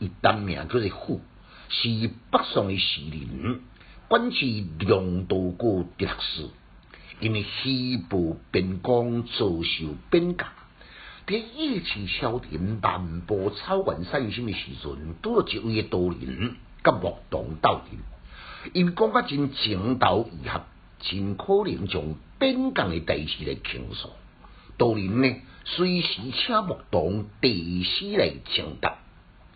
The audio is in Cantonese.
伊單名叫做傅，是北宋嘅時人，官至龍圖閣直學士，因為虛報邊功，遭受貶降，喺意志消沉漫步草原散心嘅時陣，拄着一位道人甲牧童道人。因講真情投意合，真可能從貶降嘅之事來傾訴，道人呢隨時請牧童題詩來贈答。